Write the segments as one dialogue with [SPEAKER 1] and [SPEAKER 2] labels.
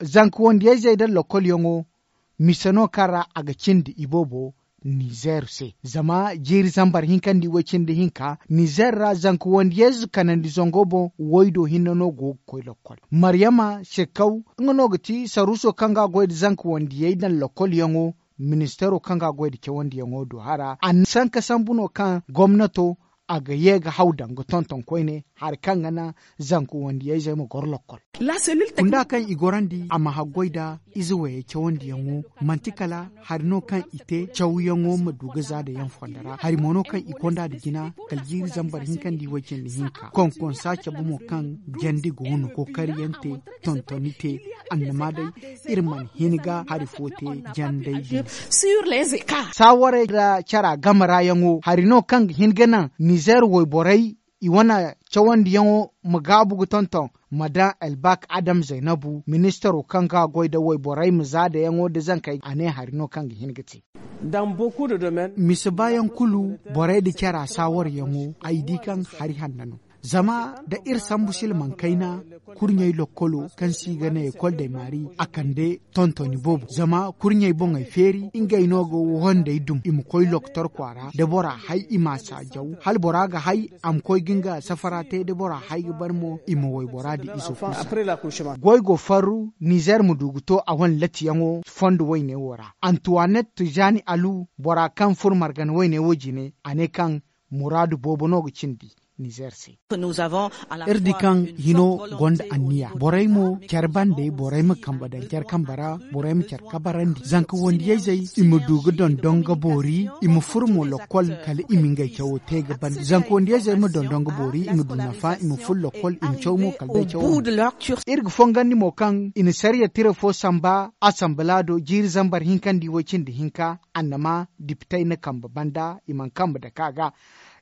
[SPEAKER 1] ya zai zeyden lokol yongo misano kara aga cindi ibobo Nizer se zama jiri zambar hinkandi di cindi hinka Nizer ra zankuwondi yezu kanandi waido hinna no go koy lokol maryama sekaw ngonogo ti saruso kanga ya yi yeyden lokol yongo ministero kanga goyde cewondi yongo do hara an sanka buno kan gwamnato a aga yega hawdan go tonton ne har kan gana zanku ya yi zai magor lokol la kan igorandi ama hagoida izuwe ce wandi yango mantikala har no kan ite chawu yango madugaza da yan fondara har mono kan ikonda da gina kaljiri zambar hinkan di wakin da hinka kon kon sake bumo kan jandi go wono ko kariyante tontonite annama dai irman hiniga har fote gendai sur les écarts sawara da chara gamara yango har no kan hingana ni Nizer woi borai iwana chawan diyango magabu gutonton mada elbak adam zainabu ministero kanga da woi borai muzada yango da zan ane harino kangi hingiti dan boku da misa bayan kulu borai da kyara sawar yango aidi kan hari hannu. zama da ir sambusil mankaina kurnyai lokolo kan si gane kol da mari akande tontoni bobo zama kurnyai bonga feri inga inogo wonda idum im koy loktor kwara de bora hay ima sa jaw hal bora ga hay am koy ginga safarate de bora hay barmo im woy bora di iso goy go faru niger mu duguto lati yango fond ne wora antoinette tujani alu bora kan furmargan ne wojine ane kan muradu bobonogo cindi irdi kan hino gonda anniya boraimo kerbande boraimo de borai mo kamba dan ker kambara borai ker kabaran zanka wondi yezai imu dugu don donga bori imu furmo lokol kala iminga kyawo tega bandi zanka wondi yezai imu don donga bori imu dunafa imu ful lokol imu kyawo mo kalbe kyawo irgu fongan ni mo kan ina sariya tira fo samba asambalado jiri zambar hinkan di di hinka annama diptai na kamba banda iman kamba da kaga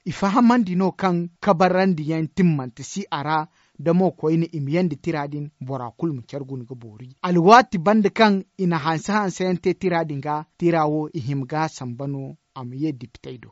[SPEAKER 1] ifa hamandi no kan kabarandi yan timman ti si ara da mo koyni im yandi tiradin bora kulmu kergun ga bori alwati bande kan ina hansa hansa yan te tiradin ga tirawo ihim ga sambano am ye diptaido